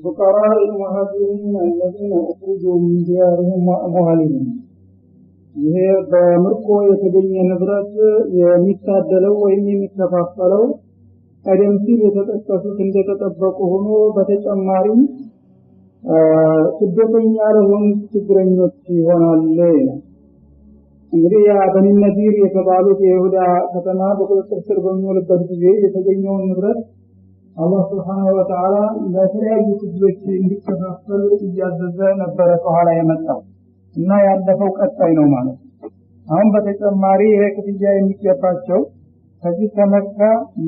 للفقراء المهاجرين الذين أخرجوا من ديارهم وأموالهم ይሄ በምርኮ የተገኘ ንብረት የሚታደለው ወይም የሚከፋፈለው ቀደም ሲል የተጠቀሱት እንደተጠበቁ ሆኖ በተጨማሪም ስደተኛ ለሆኑ ችግረኞች ይሆናል እንግዲህ ያ በኒ የተባሉት የይሁዳ ከተማ በቁጥጥር ስር በሚውልበት ጊዜ የተገኘውን ንብረት አላህ ስብሓናሁ ወተዓላ ለተለያዩ ክፍሎች እንዲከፋፈል እያዘዘ ነበረ ከኋላ የመጣው እና ያለፈው ቀጣይ ነው ማለት ነው። አሁን በተጨማሪ ይሄ ክፍያ የሚገባቸው ከዚህ ከመካ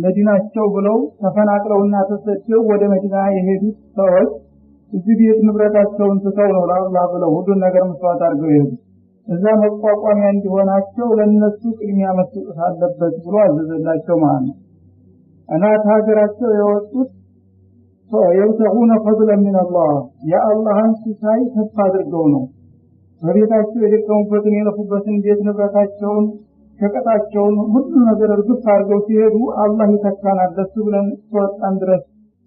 መዲናቸው ብለው ተፈናቅለውና ተሰደው ወደ መዲና የሄዱት ሰዎች እዚህ ቤት ንብረታቸውን ትተው ነው ለአላህ ብለው ሁሉን ነገር መስዋዕት አድርገው ይሄዱ እዛ መቋቋሚያ እንዲሆናቸው ለእነሱ ቅድሚያ መሰጠት አለበት ብሎ አዘዘላቸው ማለት ነው። እናት ሀገራቸው የወጡት የብተቁነ ፈድለ ሚንላህ የአላህን ሲሳይ ተስፋ አድርገው ነው። በቤታቸው የደቀሙበትን የለፉበትን ቤት ንብረታቸውን ሸቀጣቸውን ሁሉ ነገር እርግፍ አድርገው ሲሄዱ አላህ ይተካናል ደሱ ብለን እስከወጣን ድረስ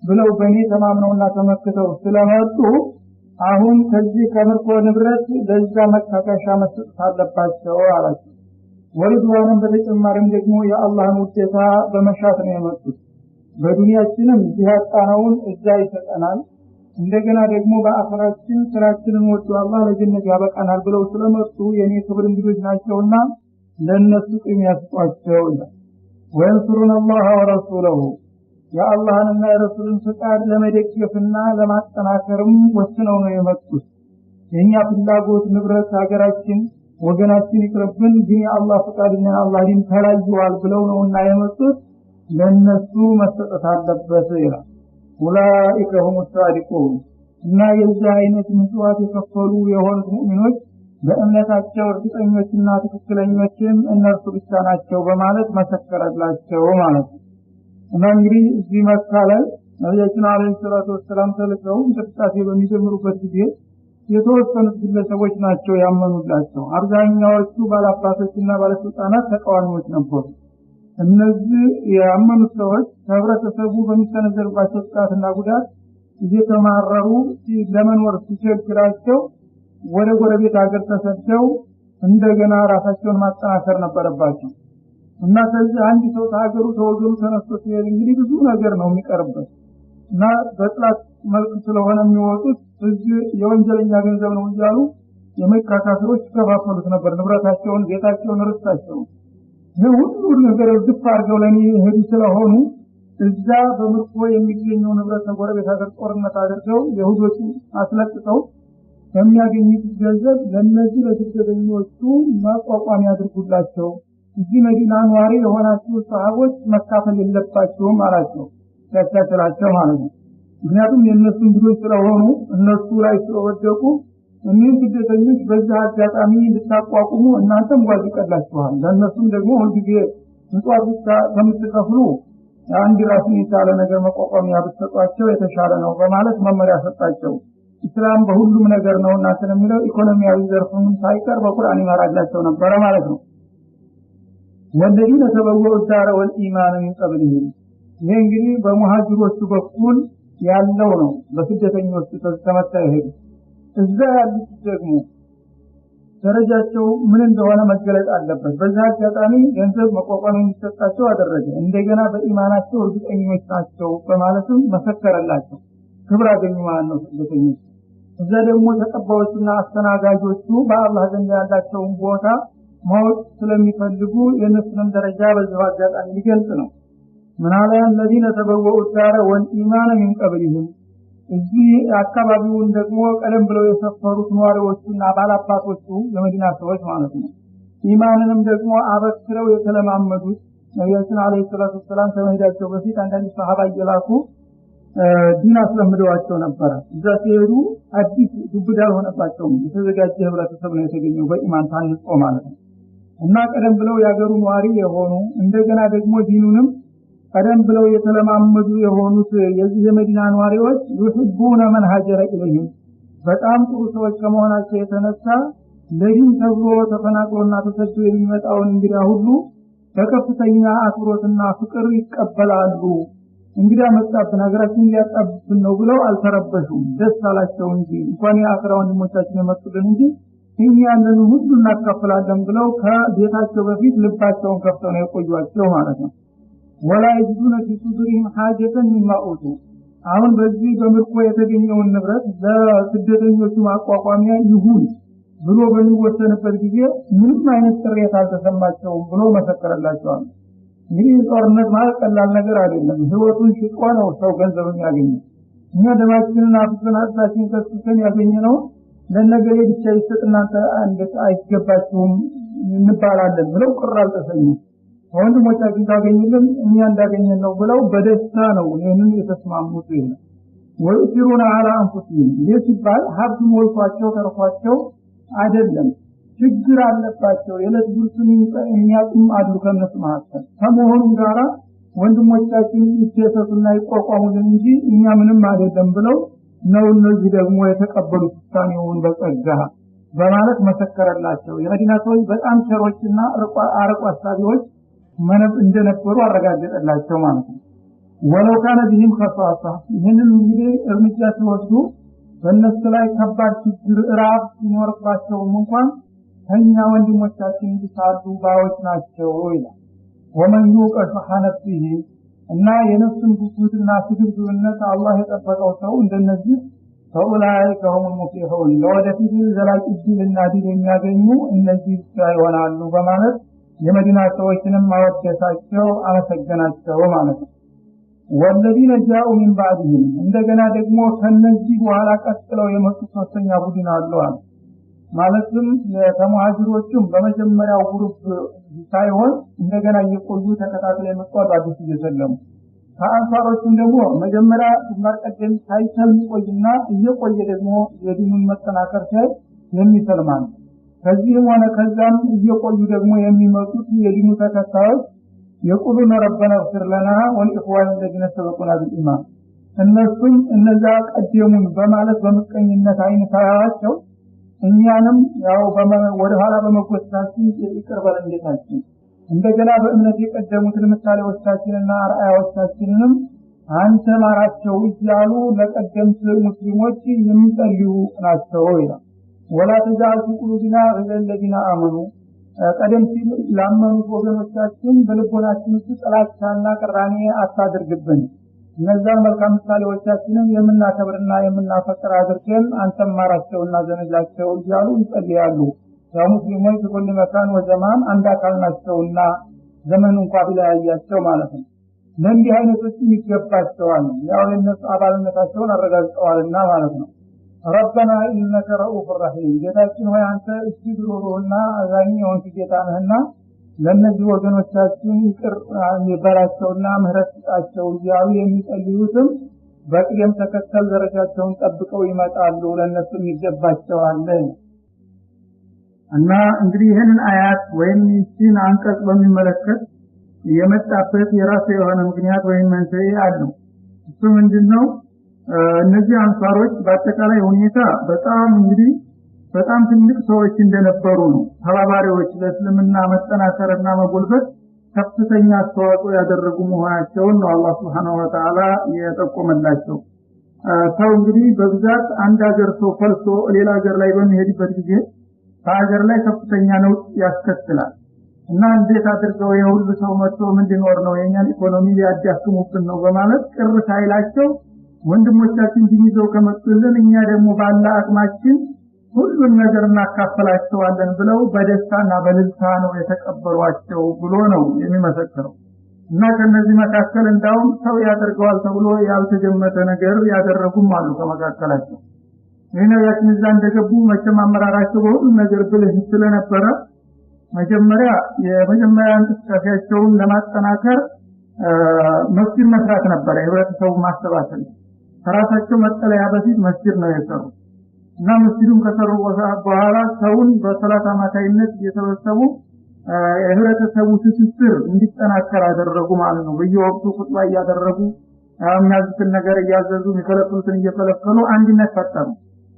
ብለው በእኔ ተማምነውና ተመክተው ስለመጡ አሁን ከዚህ ከምርኮ ንብረት ለዛ መካካሻ መስጠት አለባቸው አላቸው። ወሪድዋንም በተጨማሪም ደግሞ የአላህን ውዴታ በመሻት ነው የመጡት። በዱንያችንም እዚህ ያጣነውን እዛ ይሰጠናል፣ እንደገና ደግሞ በአፈራችን ስራችንን ወዶ አላህ ለጀነት ያበቃናል ብለው ስለመጡ የእኔ ክብር እንግዶች ናቸውና ለእነሱ ቅም ያስጧቸው ይላል። ወየንስሩን አላህ ወረሱለሁ የአላህንና የረሱልን ፍቃድ ለመደገፍና ለማጠናከርም ወስነው ነው የመጡት። የእኛ ፍላጎት ንብረት ሀገራችን ወገናችን ይቅርብን፣ ግን የአላህ ፈቃድና አላህ ዲን ተላይዋል ብለው እና የመጡት ለነሱ መሰጠት አለበት ይላል። ኡላኢከ ሁሙ ሳዲቁን እና የዚህ አይነት ምጽዋት የከፈሉ የሆኑት ሙእሚኖች በእምነታቸው እርግጠኞችና ትክክለኞችም እነርሱ ብቻ ናቸው በማለት መሰከረላቸው ማለት ነው። እና እንግዲህ እዚህ መካ ላይ ነቢያችን አለይሂ ሰላቱ ወሰላም ተልከው እንቅስቃሴ በሚጀምሩበት ጊዜ የተወሰኑት ግለሰቦች ናቸው ያመኑላቸው። አብዛኛዎቹ ባለአባቶችና ባለስልጣናት ተቃዋሚዎች ነበሩ። እነዚህ ያመኑት ሰዎች ከህብረተሰቡ በሚሰነዘርባቸው ጥቃትና ጉዳት እየተማረሩ ለመኖር ሲቸግራቸው ወደ ጎረቤት ሀገር ተሰደው እንደገና ራሳቸውን ማጠናከር ነበረባቸው እና ከዚህ አንድ ሰው ከሀገሩ ተወገሩ ተነስቶ ሲሄድ እንግዲህ ብዙ ነገር ነው የሚቀርበት እና በጥላት መልክ ስለሆነ የሚወጡት እጅ የወንጀለኛ ገንዘብ ነው እያሉ የመካ ካፊሮች ይከፋፈሉት ነበር፣ ንብረታቸውን፣ ቤታቸውን፣ ርስታቸውን። ይህ ሁሉ ነገር እርግፍ አድርገው ይሄዱ ስለሆኑ እዛ በምርኮ የሚገኘው ንብረት ጎረቤት ሀገር ጦርነት አድርገው የሁዶችን አስለቅቀው በሚያገኙት ገንዘብ ለእነዚህ ለስደተኞቹ ማቋቋሚ ያድርጉላቸው። እዚህ መዲና ነዋሪ የሆናችሁ ሰሃቦች መካፈል የለባቸውም አላቸው። ሲያቻችላቸው ማለት ነው። ምክንያቱም የእነሱ እንግዶች ስለሆኑ እነሱ ላይ ስለወደቁ እኒህም ስደተኞች በዛ አጋጣሚ እንድታቋቁሙ እናንተም ጓዝ ይቀላችኋል። ለእነሱም ደግሞ ሁልጊዜ ምጽዋት ብቻ ከምትከፍሉ አንድ ራሱን የቻለ ነገር መቋቋሚያ ብትሰጧቸው የተሻለ ነው በማለት መመሪያ ሰጣቸው። ኢስላም በሁሉም ነገር ነው እና ስለሚለው ኢኮኖሚያዊ ዘርፍም ሳይቀር በቁርአን ይመራላቸው ነበረ ማለት ነው። ወለዚነ ተበወኡ ዳረ ወልኢማን ሚን ቀብልህም ይህ እንግዲህ በሙሀጅሮቹ በኩል ያለው ነው። በስደተኞች ተመታ ይሄዱ እዛ ያሉት ደግሞ ደረጃቸው ምን እንደሆነ መገለጥ አለበት። በዚህ አጋጣሚ ገንዘብ መቋቋም የሚሰጣቸው አደረገ። እንደገና በኢማናቸው እርግጠኞች ናቸው በማለትም መሰከረላቸው። ክብር አገኙ ማለት ነው ስደተኞች። እዛ ደግሞ ተቀባዮችና አስተናጋጆቹ በአላህ ዘንድ ያላቸውን ቦታ ማወቅ ስለሚፈልጉ የእነሱንም ደረጃ በዚሁ አጋጣሚ ሊገልጽ ነው። ምናለ እነዚህን ተበወኡ ዳረ ወልኢማን ሚን ቀብሊህም እዚህ አካባቢውን ደግሞ ቀደም ብለው የሰፈሩት ነዋሪዎቹና ባላባቶቹ የመዲና ሰዎች ማለት ነው። ኢማንንም ደግሞ አበክረው የተለማመዱት ነቢያችን አለ ሰላት ወሰላም ከመሄዳቸው በፊት አንዳንድ ሰሀባ እየላኩ ዲን አስለምደዋቸው ነበረ። እዛ ሲሄዱ አዲስ ዱብዳ አልሆነባቸውም። የተዘጋጀ ህብረተሰብ ነው የተገኘው በኢማን ታንጾ ማለት ነው። እና ቀደም ብለው የሀገሩ ነዋሪ የሆኑ እንደገና ደግሞ ዲኑንም ቀደም ብለው የተለማመዱ የሆኑት የዚህ የመዲና ነዋሪዎች ዩሕቡነ መን ሀጀረ ኢለይህም በጣም ጥሩ ሰዎች ከመሆናቸው የተነሳ ለዲን ተብሎ ተፈናቅሎና ተሰዶ የሚመጣውን እንግዳ ሁሉ በከፍተኛ አክብሮትና ፍቅር ይቀበላሉ። እንግዳ መጣብን፣ ሀገራችን ሊያጣብብን ነው ብለው አልተረበሹም። ደስ አላቸው እንጂ እንኳን የአክራ ወንድሞቻችን የመጡልን እንጂ እኛ ያለን ሁሉ እናካፍላለን ብለው ከቤታቸው በፊት ልባቸውን ከፍተው ነው የቆዩቸው ማለት ነው። ወላ የጅዱነ ፊ ሱዱሪህም ሐጀተን ሚማ ኡቱ አሁን በዚህ በምርኮ የተገኘውን ንብረት ለስደተኞቹ ማቋቋሚያ ይሁን ብሎ በሚወሰንበት ጊዜ ምንም አይነት ጥሬት አልተሰማቸውም ብሎ መሰከረላቸዋል። እንግዲህ ጦርነት ማለት ቀላል ነገር አይደለም። ህይወቱን ሽጦ ነው ሰው ገንዘብ የሚያገኘው። እኛ ደማችንን አፍሰን አጥታችን ከስሰን ያገኘነው ለነገሬ ብቻ ይሰጥ እናንተ አይገባችሁም እንባላለን ብለው ቅር አልተሰኙም። ወንድሞቻችን ታገኝልን እኛ እንዳገኘን ነው ብለው በደስታ ነው ይህንን የተስማሙት ይላል። ወይሲሩና አላ አንፉሲህም ይህ ሲባል ሀብት ሞልቷቸው ተርፏቸው አይደለም። ችግር አለባቸው። የዕለት ጉርስን የሚያጡም አሉ ከእነሱ መካከል። ከመሆኑም ጋራ ወንድሞቻችን ይደሰቱና ይቋቋሙልን እንጂ እኛ ምንም አይደለም ብለው ነው እነዚህ ደግሞ የተቀበሉት ውሳኔውን በጸጋ በማለት መሰከረላቸው። የመዲና ሰዎች በጣም ቸሮችና አርቆ አሳቢዎች መነብ እንደነበሩ አረጋገጠላቸው ማለት ነው። ወለው ካነ ቢህም ከሷሳ ይህንን እንግዲህ እርምጃ ሲወስዱ በእነሱ ላይ ከባድ ችግር ራብ ሲኖርባቸውም እንኳን ከኛ ወንድሞቻችን ሳሉ ባዮች ናቸው ይላል። ወመን ዩቀ ሹሐ ነፍሲሂ እና የነፍሱን ጉጉትና ስግብግብነት አላህ የጠበቀው ሰው እንደነዚህ ፈኡላኢከ ሁሙል ሙፍሊሑን ለወደፊት ዘላቂ ድልና ድል የሚያገኙ እነዚህ ብቻ ይሆናሉ በማለት የመዲና ሰዎችንም አወደሳቸው፣ አመሰገናቸው ማለት ነው። ወለዚነ ጃኡ ሚን ባዕድህም እንደገና ደግሞ ከነዚህ በኋላ ቀጥለው የመጡ ሶስተኛ ቡድን አሉ አለ። ማለትም የተሙሃጅሮቹም በመጀመሪያው ጉሩፕ ሳይሆን እንደገና እየቆዩ ተከታትለው የመጡ አዳዲስ እየሰለሙ ከአንሳሮቹም ደግሞ መጀመሪያ ግንባር ቀደም ሳይሰልም ይቆይና እየቆየ ደግሞ የዲኑን መጠናከር ሲያይ ነው። ከዚህም ሆነ ከዛም እየቆዩ ደግሞ የሚመጡት የዲኑ ተከታዮች የቁሉነ ረበና ፍር ለና ወልኢኽዋን እንደዚነ ሰበቁና ቢልኢማን እነሱም እነዛ ቀደሙን በማለት በምቀኝነት አይን ታያቸው እኛንም ያው ወደኋላ በመጎተታችን ይቅር በለን እንዴታችን እንደገና በእምነት የቀደሙትን ምሳሌዎቻችንና አርአያዎቻችንንም አንተ ማራቸው እያሉ ለቀደምት ሙስሊሞች የሚጸልዩ ናቸው ይላል። ወላ ተጃል ፊ ቁሉቢና ጊለ አመኑ ቀደም ሲል ላመኑት ወገኖቻችን በልቦናችን ውስጥ ጥላቻና ቅራኔ አታድርግብን። እነዛን መልካም ምሳሌዎቻችንን የምናከብርና የምናፈቅር አድርገን አንሰማራቸውና ዘንላቸው እያሉ ይጸልያሉ። ያው ሙስሊሞች በኩል መካን ወዘማን አንድ አካል ናቸውና ዘመን እንኳ ቢለያያቸው ማለት ነው። ለእንዲህ አይነቶችም ይገባቸዋል። ያው የነሱ አባልነታቸውን አረጋግጠዋልና ማለት ነው። ረበና ኢነከ ረኡፍ ረሒም ጌታችን ሆይ አንተ እጅግ ሩሩህና አዛኝ የሆንክ ጌታ ነህና ለእነዚህ ወገኖቻችን ይቅር ይበላቸውና ምህረት ስጣቸው እያሉ የሚጸልዩትም በቅደም ተከተል ደረጃቸውን ጠብቀው ይመጣሉ ለእነሱም ይገባቸዋል እና እንግዲህ ይህንን አያት ወይም ይህችን አንቀጽ በሚመለከት የመጣበት የራሱ የሆነ ምክንያት ወይም መንስኤ አለው እሱ ምንድን ነው እነዚህ አንሳሮች በአጠቃላይ ሁኔታ በጣም እንግዲህ በጣም ትልቅ ሰዎች እንደነበሩ ነው። ተባባሪዎች ለእስልምና መጠናከርና መጎልበት ከፍተኛ አስተዋጽኦ ያደረጉ መሆናቸውን ነው አላህ ስብን ወተላ የጠቆመላቸው። ሰው እንግዲህ በብዛት አንድ ሀገር ሰው ፈልሶ ሌላ ሀገር ላይ በሚሄድበት ጊዜ በሀገር ላይ ከፍተኛ ነውጥ ያስከትላል እና እንዴት አድርገው የሁሉ ሰው መጥቶ ምንድኖር ነው የእኛን ኢኮኖሚ ሊያዳክሙብን ነው በማለት ቅር ሳይላቸው ወንድሞቻችን ዲን ይዘው ከመጡልን እኛ ደግሞ ባለ አቅማችን ሁሉን ነገር እናካፈላቸዋለን ብለው በደስታና በልልታ ነው የተቀበሏቸው ብሎ ነው የሚመሰክረው። እና ከነዚህ መካከል እንዳውም ሰው ያደርገዋል ተብሎ ያልተጀመተ ነገር ያደረጉም አሉ ከመካከላቸው። ይህ ነቢያችን እዛ እንደገቡ መቼም አመራራቸው በሁሉም ነገር ብልህ ስለነበረ መጀመሪያ የመጀመሪያ እንቅስቃሴያቸውን ለማጠናከር መስጊድ መስራት ነበረ፣ የህብረተሰቡ ማሰባሰብ ከራሳቸው መጠለያ በፊት መስጅድ ነው የሰሩ እና መስጅዱን ከሰሩ በኋላ ሰውን በሰላት አማካይነት እየሰበሰቡ የህብረተሰቡ ትስስር እንዲጠናከር አደረጉ ማለት ነው። በየወቅቱ ቁጥባ እያደረጉ የሚያዙትን ነገር እያዘዙ የሚከለክሉትን እየከለከሉ አንድነት ፈጠሩ።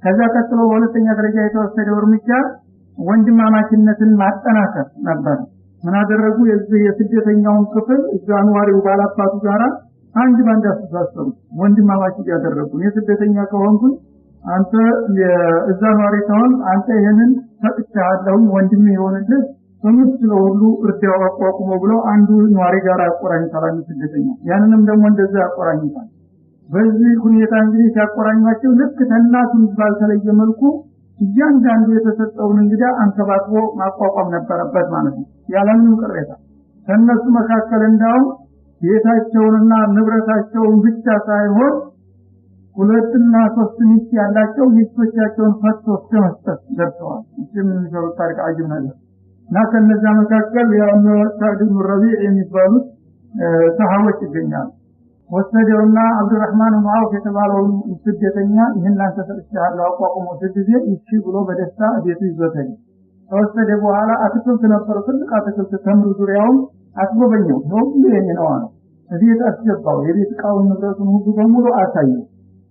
ከዛ ቀጥሎ በሁለተኛ ደረጃ የተወሰደው እርምጃ ወንድማማችነትን ማጠናከር ነበር። ምን አደረጉ? የዚህ የስደተኛውን ክፍል እዛ ነዋሪው ባላባቱ ጋራ አንድ ባንድ አስተሳሰቡ ወንድማማች እያደረጉ እኔ ስደተኛ ከሆንኩኝ አንተ እዛ ነዋሪ ከሆን አንተ ይህንን ሰጥቻለሁም ወንድም የሆንልህ በምትችለው ሁሉ እርዳው አቋቁሞ ብሎ አንዱ ኗሪ ጋር ያቆራኝታል አንዱ ስደተኛ ያንንም ደግሞ እንደዛ ያቆራኝታል በዚህ ሁኔታ እንግዲህ ሲያቆራኟቸው ልክ ተናቱ ባልተለየ መልኩ እያንዳንዱ የተሰጠውን እንግዲህ አንተባትቦ ማቋቋም ነበረበት ማለት ነው ያለምንም ቅሬታ ከእነሱ መካከል እንዳውም ቤታቸውንና ንብረታቸውን ብቻ ሳይሆን ሁለትና ሶስት ሚስት ያላቸው ሚስቶቻቸውን ፈቶ እስከ መስጠት ደርሰዋል። እም የሚሰሩት ታሪክ አጅብ ነገር እና ከእነዚያ መካከል ያነ ሳዕድ ብኑ ረቢዕ የሚባሉት ሰሃቦች ይገኛሉ። ወሰደውና አብዱራህማን ብኑ ዐውፍ የተባለውን ስደተኛ ይህን አንተ ሰጥቼሃለሁ አቋቁሞ ጊዜ ይቺ ብሎ በደስታ ቤቱ ይዞተኝ ከወሰደ በኋላ አትክልት ነበሩ፣ ትልቅ አትክልት ተምር ዙሪያውም አስጎበኘው። ነው ይሄን ነው አለ። እቤት አስገባው። የቤት እቃውን ንብረቱን ሁሉ በሙሉ አሳየው።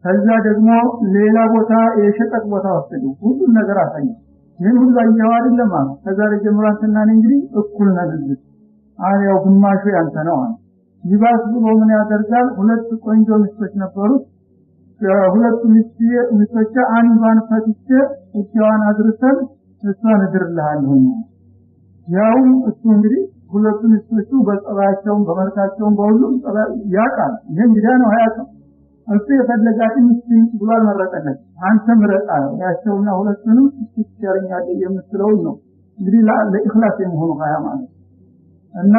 ከዛ ደግሞ ሌላ ቦታ የሸቀጥ ቦታ ወሰደው። ሁሉን ነገር አሳየው። ይህን ሁሉ አየኸው አይደለም አለ። ከዛሬ ጀምሮ አንተና እኔ እንግዲህ እኩል ነግዝት አሪያው ግማሹ ያንተ ነው አለ። ይባስ ብሎ ምን ያደርጋል? ሁለት ቆንጆ ሚስቶች ነበሩት። ሁለቱ ሚስቶች አንዷን ፈትቼ እጃዋን አድርሰን እሷን እድርልሃለሁ። ያውም እሱ እንግዲህ ሁለቱን እሱ በጸባያቸውም በመልካቸውም በሁሉም ያውቃል። ይህ እንግዲያ ነው አያውቅም። እሱ የፈለጋት ምስኪን ብሎ አልመረጠለች። አንተ ምረጣ ያቸውና ሁለቱንም ስቻለኛ የምትለውን ነው እንግዲህ ለኢክላስ የሚሆኑ ሀያ ማለት እና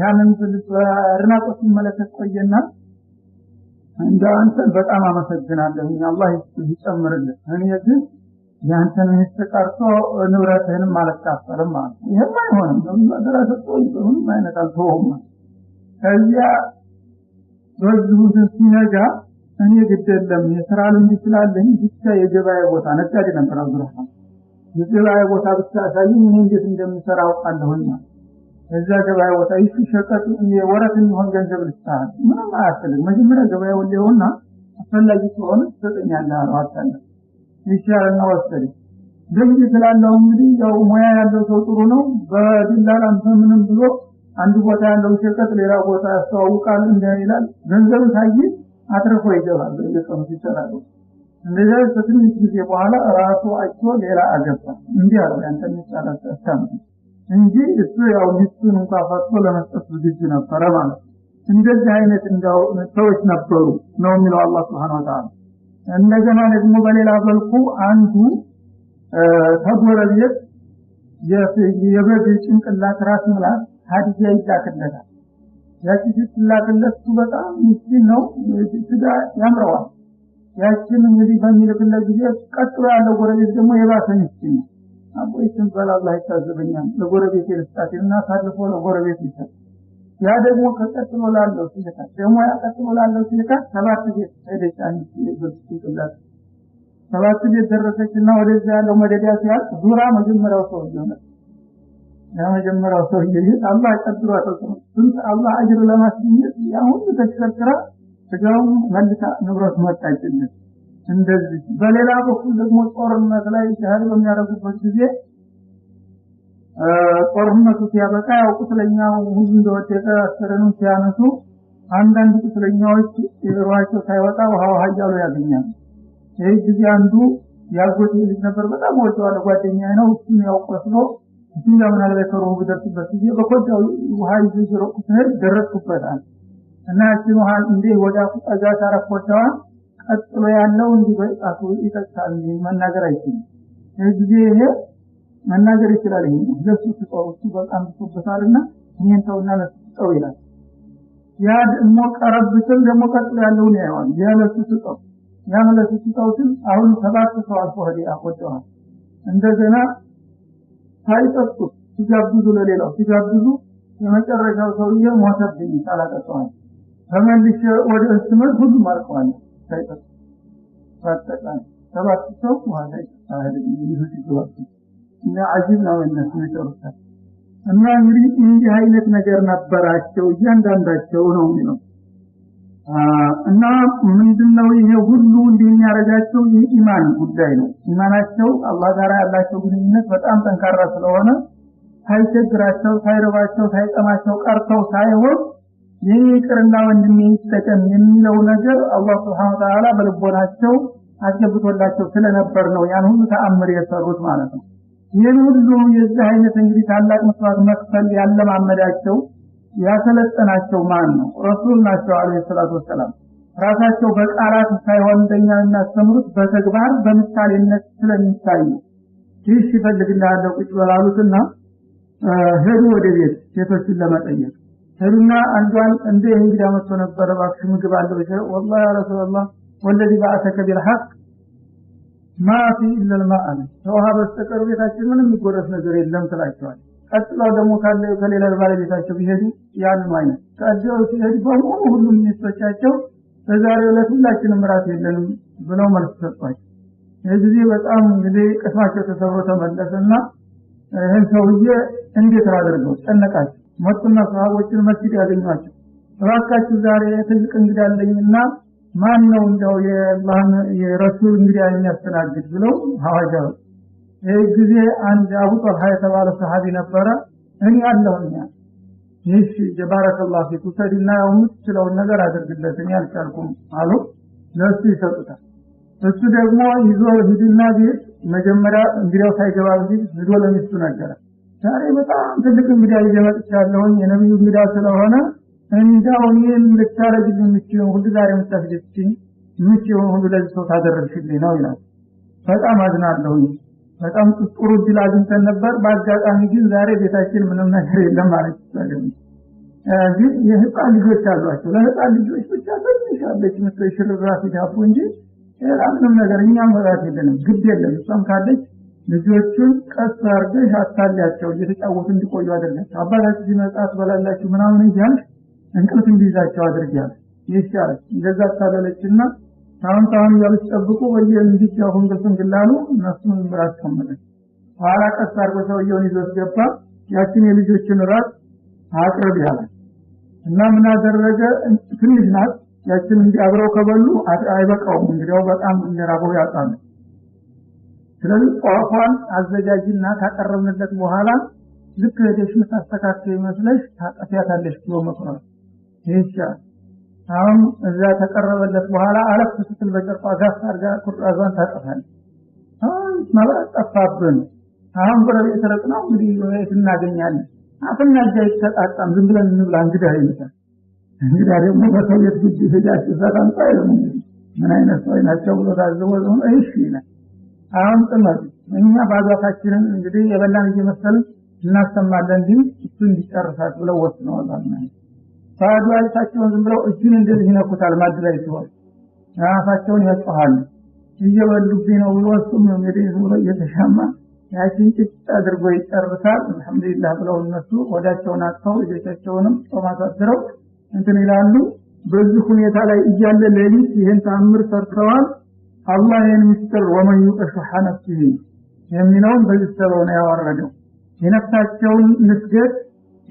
ያንን በአድናቆት ሲመለከት ቆየና እንደ አንተን በጣም አመሰግናለሁ አላህ ይጨምርልህ እኔ ግን ያንተን ሚስት ቀርቶ ንብረትህንም አልካፈልም ማለት ነው። ይህም አይሆንም። ለምድረሰጦኝ ምንም አይነት አልተወውም። ከዚያ በዚሁ ሲነጋ እኔ ግድ የለም የስራ ልምድ ይችላለኝ ብቻ የገበያ ቦታ ነጋዴ ነበር አብዱራሃ የገበያ ቦታ ብቻ ሳይ እኔ እንዴት እንደምሰራ አውቃለሁኝ። እዛ ገበያ ቦታ ይህ ሸቀጥ የወረት የሚሆን ገንዘብ ልስታል ምንም አያስፈልግ መጀመሪያ ገበያ ሆና አስፈላጊ ከሆነ ትሰጠኛለህ አለው። አታለም ይቻላል ነው ወሰደ ደግ ስላለው እንግዲህ ያው ሙያ ያለው ሰው ጥሩ ነው። በዲላላም ምንም ብሎ አንድ ቦታ ያለው ሸቀጥ ሌላ ቦታ ያስተዋውቃል፣ እንዲህ ይላል። ገንዘብ ሳይ አትርፎ ይገባል። በየቀኑ ይሰራሉ። እንደዚያ በትንሽ ጊዜ በኋላ ራሱ አይቶ ሌላ አገባ። እንዲህ አለው ያንተ ይቻላል እንጂ እሱ ያው ሚስቱን እንኳ ፈጥሮ ለመስጠት ዝግጁ ነበረ ማለት እንደዚህ አይነት ሰዎች ነበሩ ነው የሚለው አላህ ሱብሓነሁ ወተዓላ እንደገና ደግሞ በሌላ በልኩ አንዱ ከጎረቤት የበግ ጭንቅላት ራስ ምላት ሀዲያ ይላክለታል። ያቺ ስትላክለት በጣም ምስኪን ነው፣ ስጋ ያምረዋል። ያችን እንግዲህ በሚልክለት ጊዜ ቀጥሎ ያለው ጎረቤት ደግሞ የባሰ ምስኪን ነው። አቦይችን በላላ ይታዘበኛል ለጎረቤት የልስጣት እና ሳልፎ ለጎረቤት ይሰጥ ያ ደግሞ ከቀጥሎ ላለው ሲልካ ደግሞ ያ ቀጥሎ ላለው ሲልካ ሰባት ቤት ሄደች አንድ ሰባት ቤት ደረሰችና ወደዚያ ያለው መደዳ ሲያል ዙራ መጀመሪያው ሰው ሆነ ለመጀመሪያው ሰው ይሄድ አላህ ቀጥሎ አሰልጥነው ስንት አላህ አጅር ለማስገኘት ያ ሁሉ ተሽከርክራ ስጋውን መልሳ ንብረት መጣችነት እንደዚህ በሌላ በኩል ደግሞ ጦርነት ላይ ሻህር በሚያደርጉበት ጊዜ ጦርነቱ ሲያበቃ ያው ቁስለኛው ሁሉ እንደወደቀ አስከሬኑን ሲያነሱ አንዳንድ ቁስለኛዎች ሩሃቸው ሳይወጣ ውሃ ውሃ እያሉ ያገኛሉ። ይህ ጊዜ አንዱ ያጎት ልጅ ነበር፣ በጣም ወደዋለ ጓደኛ ነው። እሱም ያው ቆስሎ እሱም ጋር ምናልባት ከሩህ ብደርስበት ጊዜ በኮዳው ውሃ ይዞ እየሮጥኩ ስሄድ ደረስኩበታል እና ያችን ውሃ እንዲህ ወዳ ቁጠጋ ታረኮቸዋ ቀጥሎ ያለው እንዲህ በጣቱ ይጠቅሳል፣ መናገር አይችልም። ይህ ጊዜ ይሄ መናገር ይችላል። ይሄ ሁለቱ ተጣውቱ በጣም ተቆጣልና ይሄን ተውና ለተጠው ይላል። ያ ደግሞ ቀረብ ስል ደግሞ ቀጥሎ ያለውን ያየዋል። ያ ለሱ ተጣው ያ ለሱ ተጣውትን አሁን ሰባት ሰው አልፎ ሄደ አቆጣው እንደገና ሳይጠጡ ሲጋብዙ ለሌላው ሲጋብዙ የመጨረሻው ሰውዬ ሞተብኝ ሳላጠጣው ተመልሽ ወደ እስመድ ሁሉም አልቀዋል ሳይጠጡ ሰባት ሰው ማለት አይደለም ይሁን ይሁን እና አጂብ ነው እነሱ መጨረሻ እና እንግዲህ እንዲህ አይነት ነገር ነበራቸው እያንዳንዳቸው ነው የሚለው እና ምንድነው ይሄ ሁሉ እንዲህ የኢማን ጉዳይ ነው። ኢማናቸው አላህ ጋር ያላቸው ግንኙነት በጣም ጠንካራ ስለሆነ ሳይቸግራቸው፣ ሳይረባቸው፣ ሳይጠማቸው ቀርተው ሳይሆን ይህ ይቅርና ወንድሜ ይጠቀም የሚለው ነገር አላህ ስብሓን ወተዓላ በልቦናቸው አስገብቶላቸው ስለነበር ነው ያን ሁሉ ተአምር የሰሩት ማለት ነው። ይህን ሁሉ የዚህ አይነት እንግዲህ ታላቅ መስዋዕት መክፈል ያለማመዳቸው ያሰለጠናቸው ማን ነው? ረሱል ናቸው አለ ሰላቱ ወሰላም። ራሳቸው በቃላት ሳይሆን እንደኛ የሚያስተምሩት በተግባር በምሳሌነት ስለሚታዩ ይህ ይፈልግ እንዳለ ቁጭ በላሉትና ሄዱ ወደ ቤት ሴቶችን ለመጠየቅ ሄዱና አንዷን እንደ እንግዳ መጥቶ ነበረ፣ ባክሽ ምግብ አለ ወላ ያ ረሱላላህ ወለዚ በአሰከ ቢልሐቅ ማፊ ኢለልማ አለ ከውሃ በስተቀር ቤታችን ምንም የሚጎረስ ነገር የለም ትላቸዋል። ቀጥለው ደግሞ ካለ ከሌላ ባለቤታቸው ቢሄዱ ያንኑ አይነት ከዚያው ሲሄድ በሙሉ ሁሉም ሚስቶቻቸው በዛሬ ዕለት ሁላችንም እራት የለንም ብለው መልስ ሰጧቸው። ይህ ጊዜ በጣም እንግዲህ ቅስማቸው ተሰብሮ ተመለሰና ይህን ሰውዬ እንዴት አድርገው ጨነቃቸው። መጡና ሰሃቦችን መስጊድ ያገኟቸው እባካችሁ ዛሬ ትልቅ እንግዳ አለኝና ማን ነው እንደው የላህን የረሱል እንግዲህ የሚያስተናግድ ብለው ሐዋጃ ይህ ጊዜ አንድ አቡ ጠልሃ የተባለ ሰሃቢ ነበረ። እኔ አለሁኛ ይህ የባረከላህ ፊት ውሰድና የምትችለውን ነገር አድርግለት እኔ አልቻልኩም አሉ። ለእሱ ይሰጡታል። እሱ ደግሞ ይዞ ሂድና ቤት መጀመሪያ እንግዲያው ሳይገባ በፊት ሂዶ ለሚስቱ ነገረ ዛሬ በጣም ትልቅ እንግዳ ይዤ የነቢዩ እንግዳ ስለሆነ እንዳው እኔም ልታረግልኝ የምችለውን ሁሉ ዛሬ የምታስደስትኝ የምችለውን ሁሉ ለዚህ ሰው ታደረግሽልኝ ነው ይላል። በጣም አዝናለሁኝ። በጣም ጥሩ እድል አግኝተን ነበር። በአጋጣሚ ግን ዛሬ ቤታችን ምንም ነገር የለም ማለት ይቻላል። ግን የህፃን ልጆች አሏቸው። ለህፃን ልጆች ብቻ ትንሽ አለች ምስል ሽርራፍ ዳፉ እንጂ ሌላ ምንም ነገር እኛ መራት የለንም። ግድ የለም እሷም ካለች ልጆቹን ቀስ አርገሽ አታሊያቸው እየተጫወቱ እንዲቆዩ አደርጋቸው። አባታችሁ ሲመጣ ትበላላችሁ ምናምን እያልሽ እንቅልፍ እንዲይዛቸው አድርጊያለሁ። ይሻል እንደዛ ታለለችና ታሁን ታሁን እያሉ ሲጠብቁ ወየ እንዲህ አሁን ግልፍን ግላሉ እነሱን ምራት ከመለች። በኋላ ቀስ አድርጎ ሰውየውን ይዞ ሲገባ ያችን የልጆችን ራት አቅርብ ያለ እና ምን አደረገ? ትንሽ ናት ያችን እንዲህ አብረው ከበሉ አይበቃውም። እንግዲያው በጣም እንደራበው ያጣሉ። ስለዚህ ቋፏን አዘጋጅና ካቀረብንለት በኋላ ልክ ሄደሽ ምታስተካከል ይመስለሽ ታጠፊያታለሽ ብሎ መክሯል። ይቻል አሁን እዛ ተቀረበለት በኋላ አለፍ ስትል በጨርቋ ጋፍ አድርጋ ኩራዟን ታጠፋለች። አሁን መብራት ጠፋብን። አሁን ብረ የተረጥ ነው እንግዲህ የት እናገኛለን? አፍና እጃ ይተጣጣም ዝም ብለን እንብላ። እንግዲህ አይመጣ እንግዲህ ደግሞ በሰውየት ግድ ህጃች ዘራንጣ አይለም ምን አይነት ሰው ናቸው ብሎ ታዝቦ ዘሆነ እሺ ይላል። አሁን ጥመት እኛ ባዟታችንን እንግዲህ የበላን እየመሰልን እናሰማለን እንዲህ እሱ እንዲጨርሳት ብለው ወስነዋል ማለት ነው። ባዶ አይታቸውን ዝም ብለው እጁን እንደዚህ ይነኩታል። ማድ ላይ ሲሆን ራሳቸውን ያጽሃሉ። እየበሉብኝ ነው ብሎ እሱም እንግዲህ ብሎ እየተሻማ ያችን ጭጭ አድርጎ ይጨርሳል። አልሐምዱሊላህ ብለው እነሱ ወዳቸውን አጥተው ልጆቻቸውንም ጾም አሳድረው እንትን ይላሉ። በዚህ ሁኔታ ላይ እያለ ሌሊት ይህን ተአምር ሰርተዋል። አላህ ይህን ምስጢር ወመን ዩቀሹ ሐነፍሲሂ የሚለውን በዚህ ሰበብ ነው ያወረደው። የነፍሳቸውን ንስገት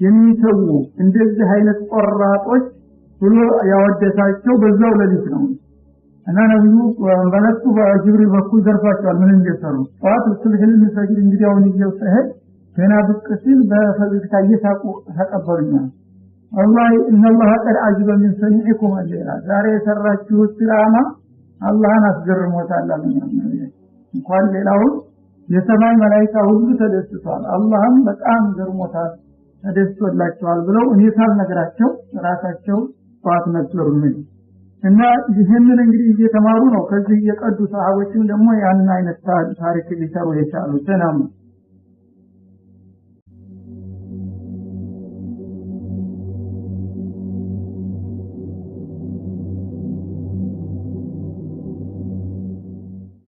የሚተው እንደዚህ አይነት ቆራጦች ብሎ ያወደሳቸው በዛው ለሊት ነው እና ነብዩ መለክቱ በጅብሪል በኩል ደርሷቸዋል ምን እንደሰሩ ጠዋት ስልህል ሰግድ እንግዲያውን ይዘው ስሄድ ገና ብቅ ሲል በፈገግታ እየሳቁ ተቀበሉኛል አላህ እነላህ ቀድ አጅበ ምን ሰኒዒኩም አለ ዛሬ የሰራችሁት ስራማ አላህን አስገርሞታል አለኛ እንኳን ሌላውን የሰማይ መላይካ ሁሉ ተደስቷል አላህም በጣም ገርሞታል ተደስቶላቸዋል ብለው እኔ ሳልነግራቸው ራሳቸው ጠዋት ነገሩኝ እና ይህንን እንግዲህ እየተማሩ ነው ከዚህ እየቀዱ ሰሃቦችም ደግሞ ያንን አይነት ታሪክ ሊሰሩ የቻሉ ተናሙ